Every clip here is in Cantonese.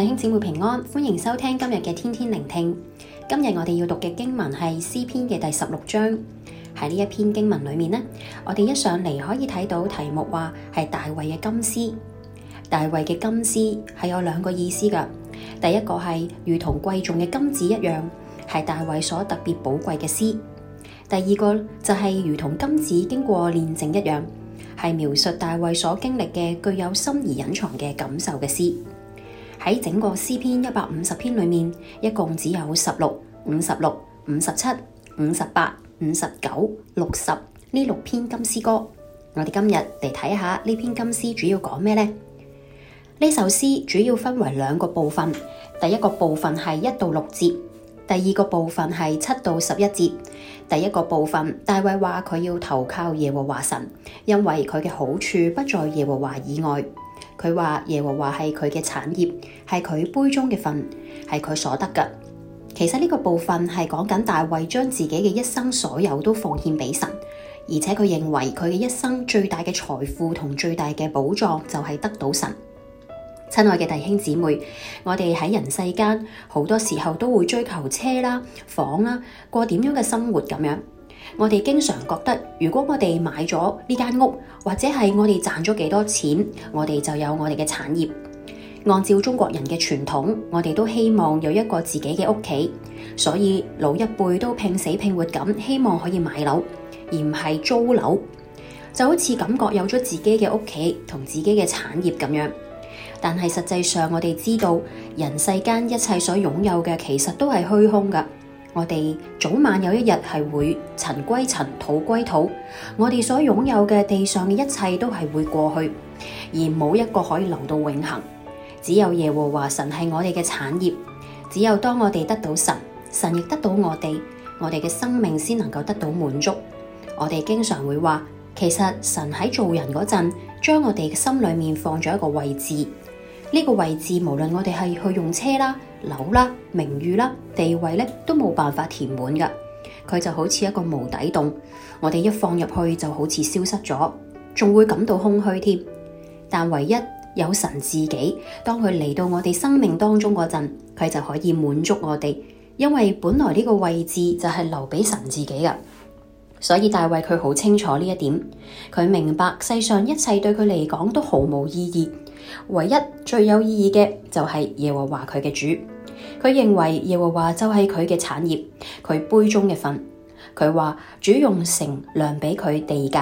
弟兄姊妹平安，歡迎收聽今日嘅天天聆聽。今日我哋要讀嘅經文係詩篇嘅第十六章。喺呢一篇經文裏面呢，我哋一上嚟可以睇到題目話係大衛嘅金詩。大衛嘅金詩係有兩個意思噶，第一個係如同貴重嘅金子一樣，係大衛所特別寶貴嘅詩；第二個就係、是、如同金子經過煉淨一樣，係描述大衛所經歷嘅具有深而隱藏嘅感受嘅詩。喺整個詩篇一百五十篇裏面，一共只有十六、五十六、五十七、五十八、五十九、六十呢六篇金詩歌。我哋今日嚟睇下呢篇金詩主要講咩呢？呢首詩主要分為兩個部分，第一個部分係一到六節，第二個部分係七到十一節。第一個部分，大衛話佢要投靠耶和華神，因為佢嘅好處不在耶和華以外。佢話耶和華係佢嘅產業，係佢杯中嘅份，係佢所得嘅。其實呢個部分係講緊大衛將自己嘅一生所有都奉獻俾神，而且佢認為佢嘅一生最大嘅財富同最大嘅寶藏就係得到神。親愛嘅弟兄姊妹，我哋喺人世間好多時候都會追求車啦、啊、房啦、啊，過點樣嘅生活咁樣。我哋經常覺得，如果我哋買咗呢間屋，或者係我哋賺咗幾多錢，我哋就有我哋嘅產業。按照中國人嘅傳統，我哋都希望有一個自己嘅屋企，所以老一輩都拼死拼活咁，希望可以買樓，而唔係租樓。就好似感覺有咗自己嘅屋企同自己嘅產業咁樣，但係實際上我哋知道，人世間一切所擁有嘅，其實都係虛空㗎。我哋早晚有一日係會塵歸塵，土歸土。我哋所擁有嘅地上嘅一切都係會過去，而冇一個可以留到永恒。只有耶和華神係我哋嘅產業。只有當我哋得到神，神亦得到我哋，我哋嘅生命先能夠得到滿足。我哋經常會話，其實神喺造人嗰陣，將我哋嘅心裏面放咗一個位置。呢個位置無論我哋係去用車啦、樓啦、名譽啦、地位咧，都冇辦法填滿噶。佢就好似一個無底洞，我哋一放入去就好似消失咗，仲會感到空虛添。但唯一有神自己，當佢嚟到我哋生命當中嗰陣，佢就可以滿足我哋，因為本來呢個位置就係留俾神自己噶。所以大衛佢好清楚呢一點，佢明白世上一切對佢嚟講都毫無意義，唯一最有意義嘅就係耶和華佢嘅主。佢認為耶和華就係佢嘅產業，佢杯中嘅份。佢話主用繩量俾佢地界，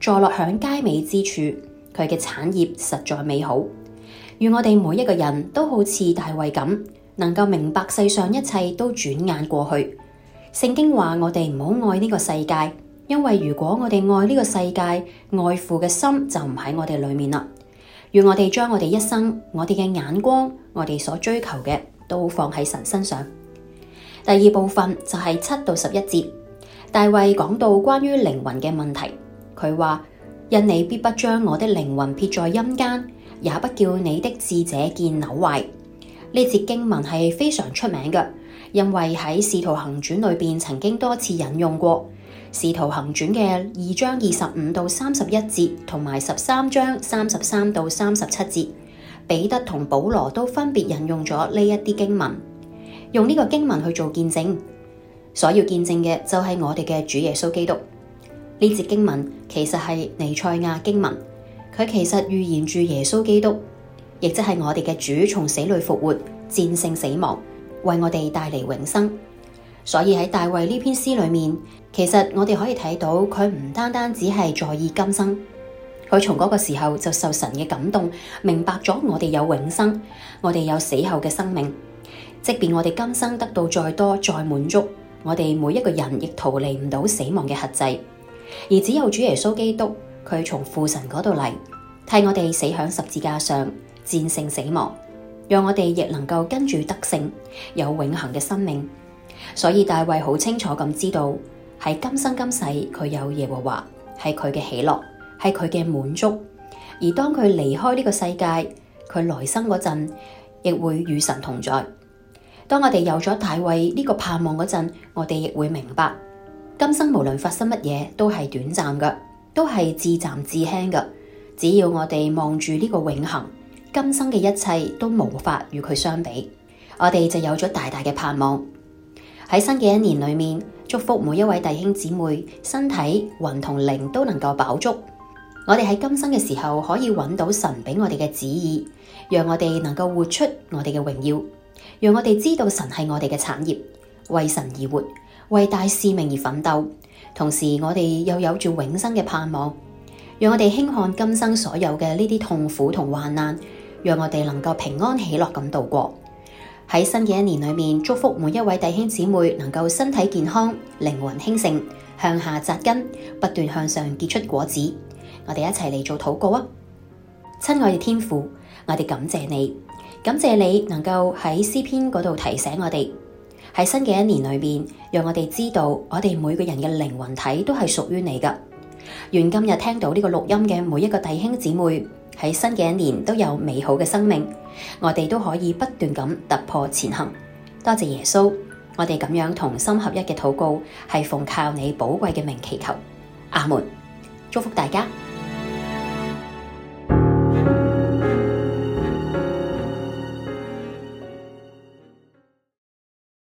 坐落響佳美之處，佢嘅產業實在美好。願我哋每一個人都好似大衛咁，能夠明白世上一切都轉眼過去。聖經話我哋唔好愛呢個世界，因為如果我哋愛呢個世界，愛父嘅心就唔喺我哋裏面啦。願我哋將我哋一生，我哋嘅眼光，我哋所追求嘅，都放喺神身上。第二部分就係七到十一節，大衛講到關於靈魂嘅問題，佢話：「因你必不將我的靈魂撇在陰間，也不叫你的智者見朽壞。」呢節經文係非常出名嘅，因為喺《使徒行傳》裏面曾經多次引用過。《使徒行傳》嘅二章二十五到三十一節，同埋十三章三十三到三十七節，彼得同保羅都分別引用咗呢一啲經文，用呢個經文去做見證。所要見證嘅就係我哋嘅主耶穌基督。呢節經文其實係彌賽亞經文，佢其實預言住耶穌基督。亦即係我哋嘅主從死裏復活，戰勝死亡，為我哋帶嚟永生。所以喺大衛呢篇詩裏面，其實我哋可以睇到佢唔單單只係在意今生，佢從嗰個時候就受神嘅感動，明白咗我哋有永生，我哋有死後嘅生命。即便我哋今生得到再多再滿足，我哋每一個人亦逃離唔到死亡嘅轄制，而只有主耶穌基督，佢從父神嗰度嚟，替我哋死響十字架上。戰勝死亡，讓我哋亦能夠跟住得勝，有永恆嘅生命。所以大衛好清楚咁知道喺今生今世，佢有耶和華係佢嘅喜樂，係佢嘅滿足。而當佢離開呢個世界，佢來生嗰陣亦會與神同在。當我哋有咗大衛呢個盼望嗰陣，我哋亦會明白今生無論發生乜嘢都係短暫噶，都係至暫至輕噶。只要我哋望住呢個永恆。今生嘅一切都無法與佢相比，我哋就有咗大大嘅盼望。喺新嘅一年裏面，祝福每一位弟兄姊妹，身體、魂同靈都能夠飽足。我哋喺今生嘅時候可以揾到神俾我哋嘅旨意，讓我哋能夠活出我哋嘅榮耀，讓我哋知道神係我哋嘅產業，為神而活，為大使命而奮鬥。同時，我哋又有住永生嘅盼望，讓我哋輕看今生所有嘅呢啲痛苦同患難。讓我哋能夠平安喜樂咁度過，喺新嘅一年裏面，祝福每一位弟兄姊妹能夠身體健康、靈魂興盛、向下扎根，不斷向上結出果子。我哋一齊嚟做禱告啊！親愛的天父，我哋感謝你，感謝你能夠喺詩篇嗰度提醒我哋，喺新嘅一年裏面，讓我哋知道我哋每個人嘅靈魂體都係屬於你㗎。願今日聽到呢個錄音嘅每一個弟兄姊妹，喺新嘅一年都有美好嘅生命，我哋都可以不斷咁突破前行。多謝耶穌，我哋咁樣同心合一嘅禱告，係奉靠你寶貴嘅名祈求。阿門，祝福大家。